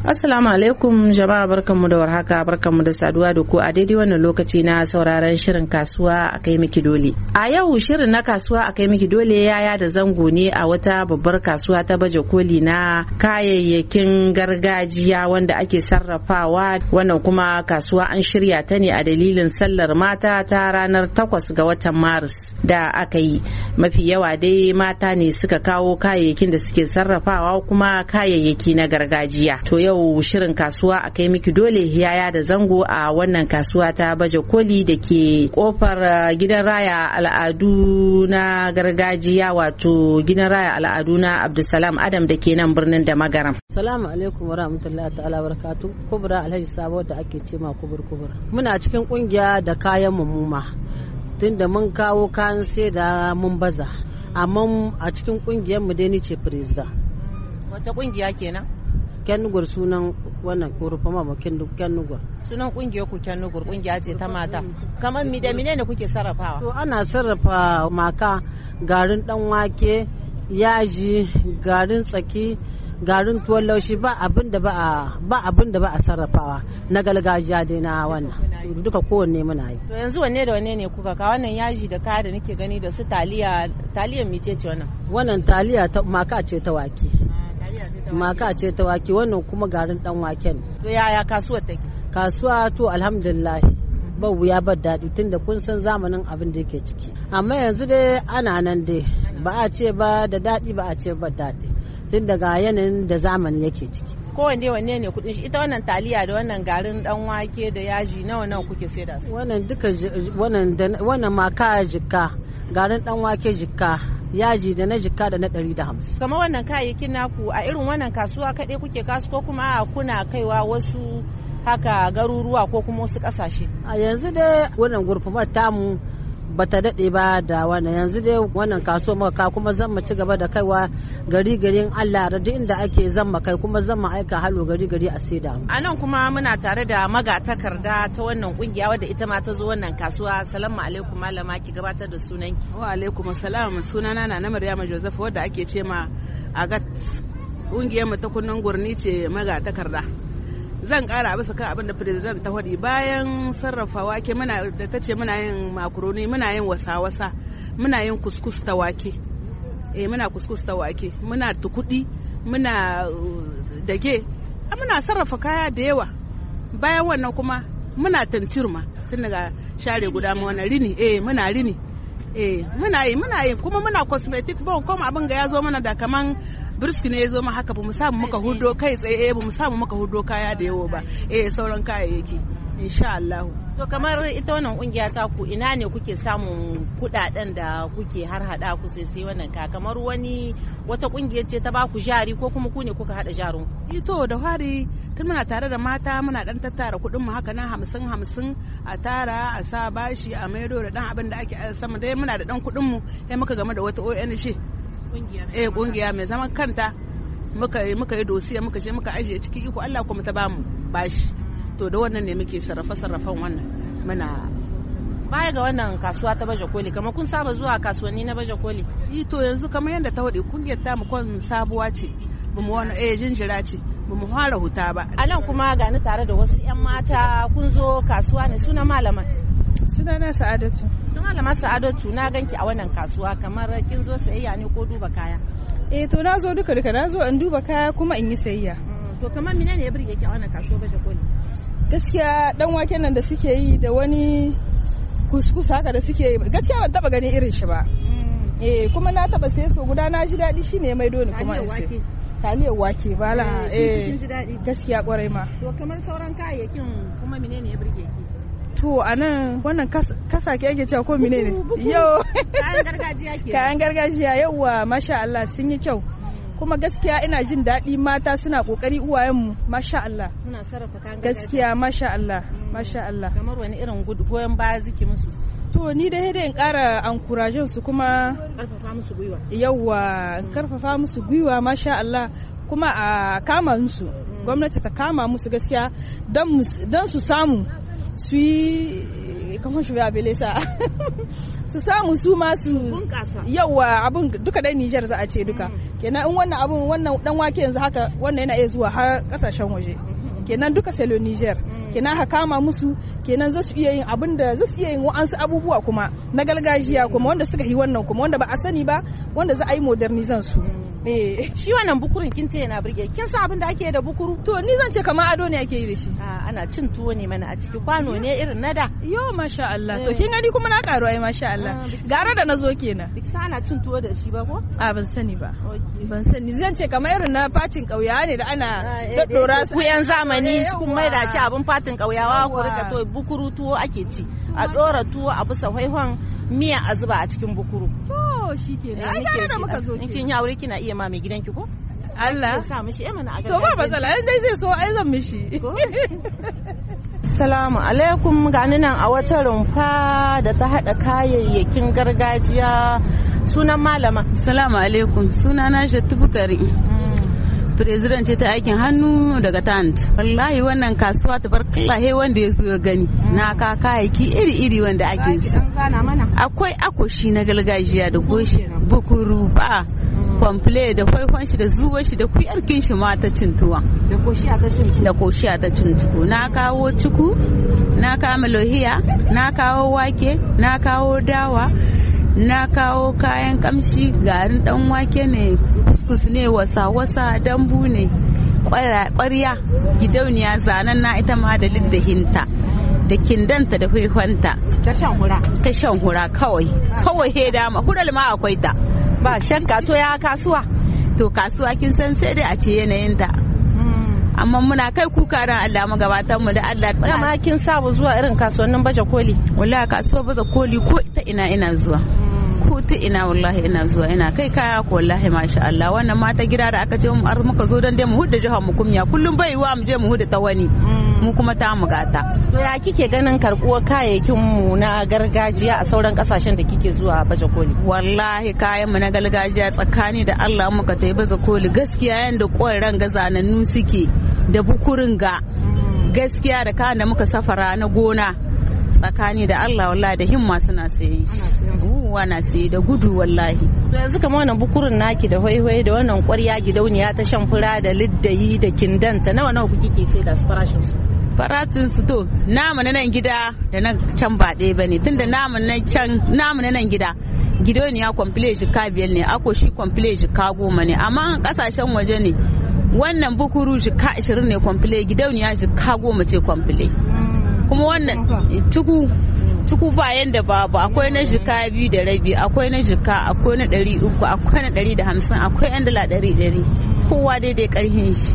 Assalamu alaikum jama'a barkanmu da warhaka barkanmu da saduwa da ku a daidai wannan lokaci na sauraron shirin kasuwa a kai miki dole. A yau shirin na kasuwa a kai miki dole yaya da zango ne a wata babbar kasuwa ta baje koli na kayayyakin gargajiya wanda ake sarrafawa wannan kuma kasuwa an shirya ta ne a dalilin sallar mata ta ranar takwas ga watan Maris da aka yi. Mafi yawa dai mata ne suka kawo kayayyakin da suke sarrafawa kuma kayayyaki na gargajiya. To yau shirin kasuwa a kai miki dole yaya da zango a wannan kasuwa ta baje koli da ke kofar uh, gidan raya al'adu na gargajiya wato gidan raya al'adu na Abdulsalam Adam da ke nan birnin da magaram. Salamu alaikum wa rahmatullahi ta'ala barakatu kubra alhaji sabo da ake ce ma kubur kubur. Muna cikin kungiya da kayan mumuma tunda mun kawo kayan sai da mun baza amma a cikin kungiyar mu dai ni ce firiza Wace kungiya kenan? kennugur sunan wannan korufa ma kennugur sunan kungiyar ku kennugur kungiya ce ta mata kamar mi da ne kuke sarrafawa to ana sarrafa maka garin dan wake yaji garin tsaki garin tuwon laushi ba abin da ba ba abin da ba a sarrafawa na galgajiya dai na wannan duka kowanne muna yi to yanzu wanne da wanne ne kuka ka wannan yaji da kaya da nake gani da su taliya taliyan mice ce wannan wannan taliya ta maka ce ta wake maka ce ta wake wannan kuma garin dan waken to yaya kasuwar take kasuwa to alhamdulillah ba wuya bar daɗi tunda kun san zamanin abin da yake ciki amma yanzu dai ana nan dai ba a ce ba da daɗi ba a ce ba daɗi tun daga yanayin da zamani yake ciki kowanne wanne ne kudin shi ita wannan taliya da wannan garin dan wake da yaji nawa nawa kuke saida su wannan duka wannan wannan maka jikka garin dan wake jikka yaji da na jikka da na 150 kamar wannan kayayyakin naku a irin wannan kasuwa kaɗai kuke kasu ko kuma kuna kaiwa wasu haka garuruwa ko kuma wasu kasashe a yanzu dai wannan gurfumar tamu bata daɗe ba da wannan yanzu dai wannan kaso maka kuma zan mu ci gaba da kaiwa gari garin Allah da duk inda ake zan kai kuma zan mu aika halo gari gari a saida mu anan kuma muna tare da maga takarda ta wannan kungiya wadda ita ma ta zo wannan kasuwa salamu alaikum malama ki gabatar da sunan ki wa alaikum salam sunana na na Maryama Joseph wadda ake ce ma Agat kungiyar mu ta kunnan gurni ce maga takarda. zan kara bisa kan abin da president ta faɗi bayan sarrafa wake muna da ta ce muna yin makaroni muna yin wasa-wasa muna yin kuskus ta wake eh muna kuskus ta wake muna tukudi muna uh, dage muna sarrafa kaya da yawa bayan wannan kuma muna tantirma tun daga share guda ma wani rini eh muna rini eh muna yi muna yi kuma muna cosmetic ba kuma abin ga ya zo mana da kaman brisk ne ya zo haka ba mu samu muka hudo kai tsaye ba mu samu muka hudo kaya da yawa ba eh sauran kayayyaki insha Allah to kamar ita wannan kungiya ta ku ina ne kuke samun kudaden da kuke har hada ku sai sai wannan ka kamar wani wata kungiyar ce ta baku jari ko kuma ku ne kuka hada jarun ito eh da hari tun muna tare da mata muna dan tattara kudin mu haka nan hamsin hamsin a tara a sa bashi a maido da dan abin da ake sama dai muna da dan kudin mu sai muka game da wata ONG eh kungiya mai zaman kanta muka yi muka yi dosiya muka je muka ajiye ciki iko Allah kuma ta bamu bashi to da wannan ne muke sarrafe-sarrafen wannan muna baya ga wannan kasuwa ta baje koli kamar kun saba zuwa kasuwanni na baje koli eh to yanzu kamar yadda ta wade kungiyar ta mu kon sabuwa ce bamu mu wani eh jinjira ce bamu mu fara huta ba a nan kuma ga ni tare da wasu yan mata kun zo kasuwa ne suna malaman suna na sa'adatu suna malama sa'adatu na ganki a wannan kasuwa kamar kin zo sayayya ne ko duba kaya eh to na zo duka duka na zo in duba kaya kuma in yi sayayya mm, to kamar menene ne ya burge ki a wannan kasuwa baje koli gaskiya dan waken nan da suke yi da wani kuskus haka da suke yi gaskiya ban taba ganin irin shi ba mm. eh kuma na taba sai so guda na ji daɗi shine mai doni kuma in taliyar wake ba la eh, eh gaskiya kwarai ma to kamar sauran kayayyakin kuma menene ya burge ki to a nan wannan kasa ke ake cewa ko menene yau kayan gargajiya ke kayan gargajiya yauwa masha Allah sun yi kyau kuma gaskiya ina jin daɗi mata suna ƙoƙari uwayenmu masha Allah suna sarrafa kayan gaskiya masha Allah mm. masha Allah kamar wani irin goyon baya ziki musu to ni da hede in ƙara ankurajen su kuma karfafa musu gwiwa yawa karfafa mm. musu gwiwa masha Allah kuma a kama musu mm. gwamnati ta kama musu gaskiya don su samu su yi kamar shi lesa su samu su ma su yawa abun duka dai Nijar za a ce duka mm. kenan in wannan abun wannan dan wake yanzu haka wannan yana iya zuwa har kasashen waje mm. kenan duka selo Nijar mm. kenan haka kama musu kenan za su iya yin abin da za su iya yin wa'ansu abubuwa kuma na gargajiya kuma wanda suka yi wannan kuma wanda ba a sani ba wanda za a yi modernizan su eh. shi wannan bukurin kin ce yana burge kin san abin da ake da bukuru to ni zan ce kamar ado ne ake yi da shi ana cin tuwo ne mana a ciki kwano ne irin na da yo masha Allah to eh. kin gani kuma na karu ai masha Allah ah, gara da nazo kenan Sa ana cin tuwo da shi ba ko a ah, ban sani ba ban sani zan ce kamar irin na fatin kauya ne da ana ah, eh, dora su yan zamani eh, kun mai da shi abin fatin kauyawa ko rika to bukuru tuwo ake ci a dora tuwo a bisa haihon miya a zuba a cikin bukuru to shikenan ai gara da muka zo kin yi aure kina iya ma mai gidanki ko Allah. Sa mishi mana a To ba matsala, yanzu zai so ai zan mishi. Assalamu alaikum ga nan a wata rumfa da ta haɗa kayayyakin gargajiya sunan malama. Assalamu alaikum sunana Shattu Bukari. Hmm. President ce ta aikin hannu daga tant. Wallahi wannan kasuwa ta bar kallahe wanda ya zo gani. Hmm. Na ka ki iri-iri wanda ake so. Akwai akoshi na gargajiya da goshi bukuru ba. Hmm. kwamfule da faifan shi da zuwan shi da kuyarkin shi ma ta ta cintuwa da koshiya ta cintuwa na kawo ciku na kawo lohiya na kawo wake na kawo dawa na kawo kayan kamshi garin dan wake ne kuskus ne wasa-wasa dambu ne kwarya gidauniya zanen na ita ma da hinta da kindanta da faifanta ta shan hura kawai kawai he dama hural ma akwai ta ba shan kato ya kasuwa to kasuwa kin san sai dai a ce yanayin ta hmm. amma muna kai kuka ran Allah mu gabatar mu da Allah dama kin saba zuwa irin kasuwannin baje koli wallahi kasuwar baje koli ko ta ina ina zuwa ko ta ina wallahi ina zuwa ina kai kaya ko wallahi masha Allah wannan mata gida da aka ce mu ar muka zo dan dai mu hudda jihar mu kumya kullum bai wa mu je mu hudda ta wani mm. mu kuma ta mu gata to ya kike ganin karbuwar kayayyakin mu na gargajiya a sauran kasashen da kike zuwa baje koli wallahi kayan mu na gargajiya tsakani da Allah muka tai baje koli gaskiya yanda koran gazanannu suke da bukurin ga mm. gaskiya da kayan da muka safara na gona tsakani da Allah wallahi da himma suna sayi uwa na saye da gudu wallahi to yanzu kamar wannan bukurin naki da hoihoi da wannan ƙwarya gidauniya ta shan fura da liddayi da kindanta nawa nawa kuke ke sai da su farashin su farashin su to namu na nan gida da na can ba ɗaya bane tunda namu na can namu na nan gida gidauniya kwamfile shika biyar ne ako shi kwamfile shika goma ne amma kasashen waje ne wannan bukuru shika ashirin ne complete gidauniya shika goma ce complete mm. kuma wannan tuku cuku ba yanda babu akwai na jika biyu da rabi akwai na jika akwai na ɗari uku akwai na ɗari da hamsin akwai yan dala ɗari ɗari kowa daidai ƙarfin shi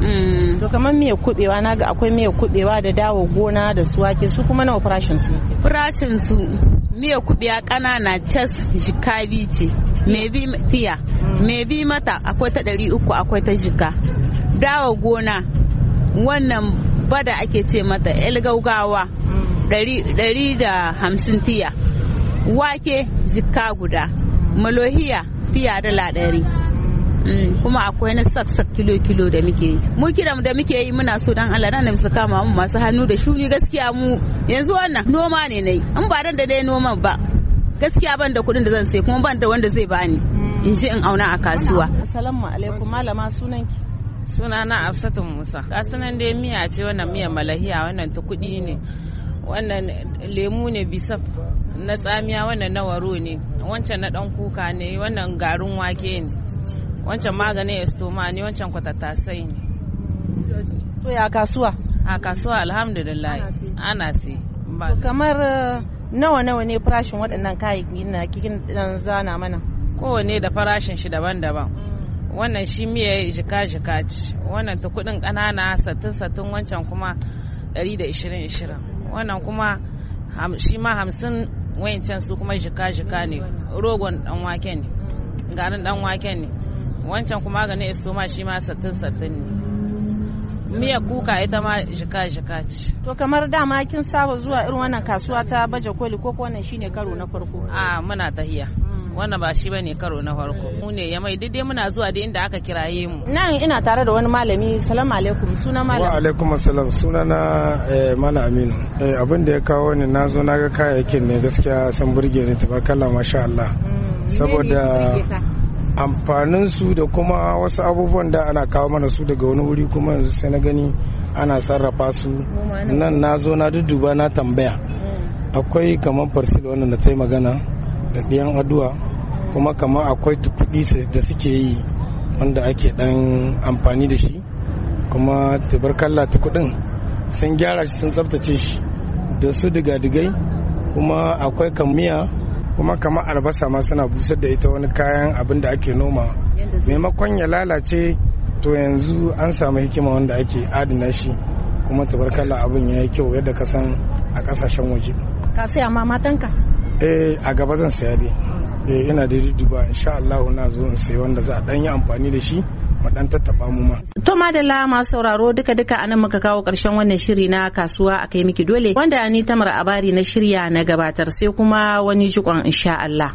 mm. to kamar miyar kubewa na ga akwai miyar kubewa da dawo gona da su wake su kuma nawa farashin su farashin su miyar kubewa ƙanana cas jika biyu ce mai bi tiya mm. me bi mata akwai ta ɗari uku akwai ta jika dawo gona wannan bada ake ce mata el gaugawa dari da hamsin tiya wake jikka guda malohiya tiya dala ɗari mm, kuma akwai na sak kilo kilo da muke yi mu kiran da muke yi muna so dan Allah nan su kama mu masu hannu da shuni gaskiya mu yanzu wannan noma ne nayi in ba dan da dai noman ba gaskiya ban da kuɗin da zan sai kuma ban da wanda zai bani in ji in auna a kasuwa assalamu alaikum malama sunanki sunana afsatun Musa kasunan dai miya ce wannan miya malahiya wannan ta kuɗi ne wannan lemu ne bisaf na tsamiya wannan na waro ne wancan na dan kuka ne wannan garin wake ne wancan maganin estoma ne wancan kwatatasai ne to ya kasuwa a kasuwa alhamdulillah ana sai kamar uh, nawa nawa ne farashin waɗannan kayayyaki na kikin zana mana kowane da farashin shi daban-daban mm. wannan shi miya jika jika ce wannan ta kudin ƙanana satin satin wancan kuma 120 20 wannan kuma shi ma hamsin wayancan su kuma jika-jika ne rogon dan wake ne garin dan wake ne wancan kuma ganin ma shi ma sattin sattin ne miya kuka ita ma jika-jika ce to kamar dama kin saba zuwa irin wannan kasuwa ta baje koli ko wannan shine karo na farko a muna tahiya wannan ba shi bane karo na farko mu ne ya mai daidai muna zuwa da inda aka kiraye mu nan ina tare da wani malami salamu alaikum suna malam wa alaikum assalam suna na eh, malam aminu eh, abin da ya kawo ni na zo na ga kayayyakin ne gaskiya San burge ne. tabarkalla masha Allah mm. saboda amfanin su da kuma wasu abubuwan da ana kawo mana su daga wani wuri kuma yanzu sai na gani ana sarrafa su nan na zo na dudduba na tambaya mm. akwai kamar farsil wannan da ta yi magana da ɗiyan aduwa kuma kamar akwai kuɗi da suke yi wanda ake ɗan amfani da shi kuma tabarkalla ta kuɗin sun gyara shi sun tsabtace shi da su diga-digai kuma akwai kamiya kuma kamar albasa ma suna busar da ita wani kayan abin da ake noma maimakon ya lalace to yanzu an samu hikima wanda ake adana shi kuma tabarkalla abin ya yi kyau yadda ka san a kasashen waje ka saya ma matanka Eh, a gaba zan saya dai eh ina da duba insha Allah na zo in sai wanda za a dan yi amfani da shi mu dan tattaba mu ma to madalla masu sauraro duka duka anan muka kawo karshen wannan shiri na kasuwa akai miki dole wanda ni tamar abari na shirya na gabatar sai kuma wani jikon insha Allah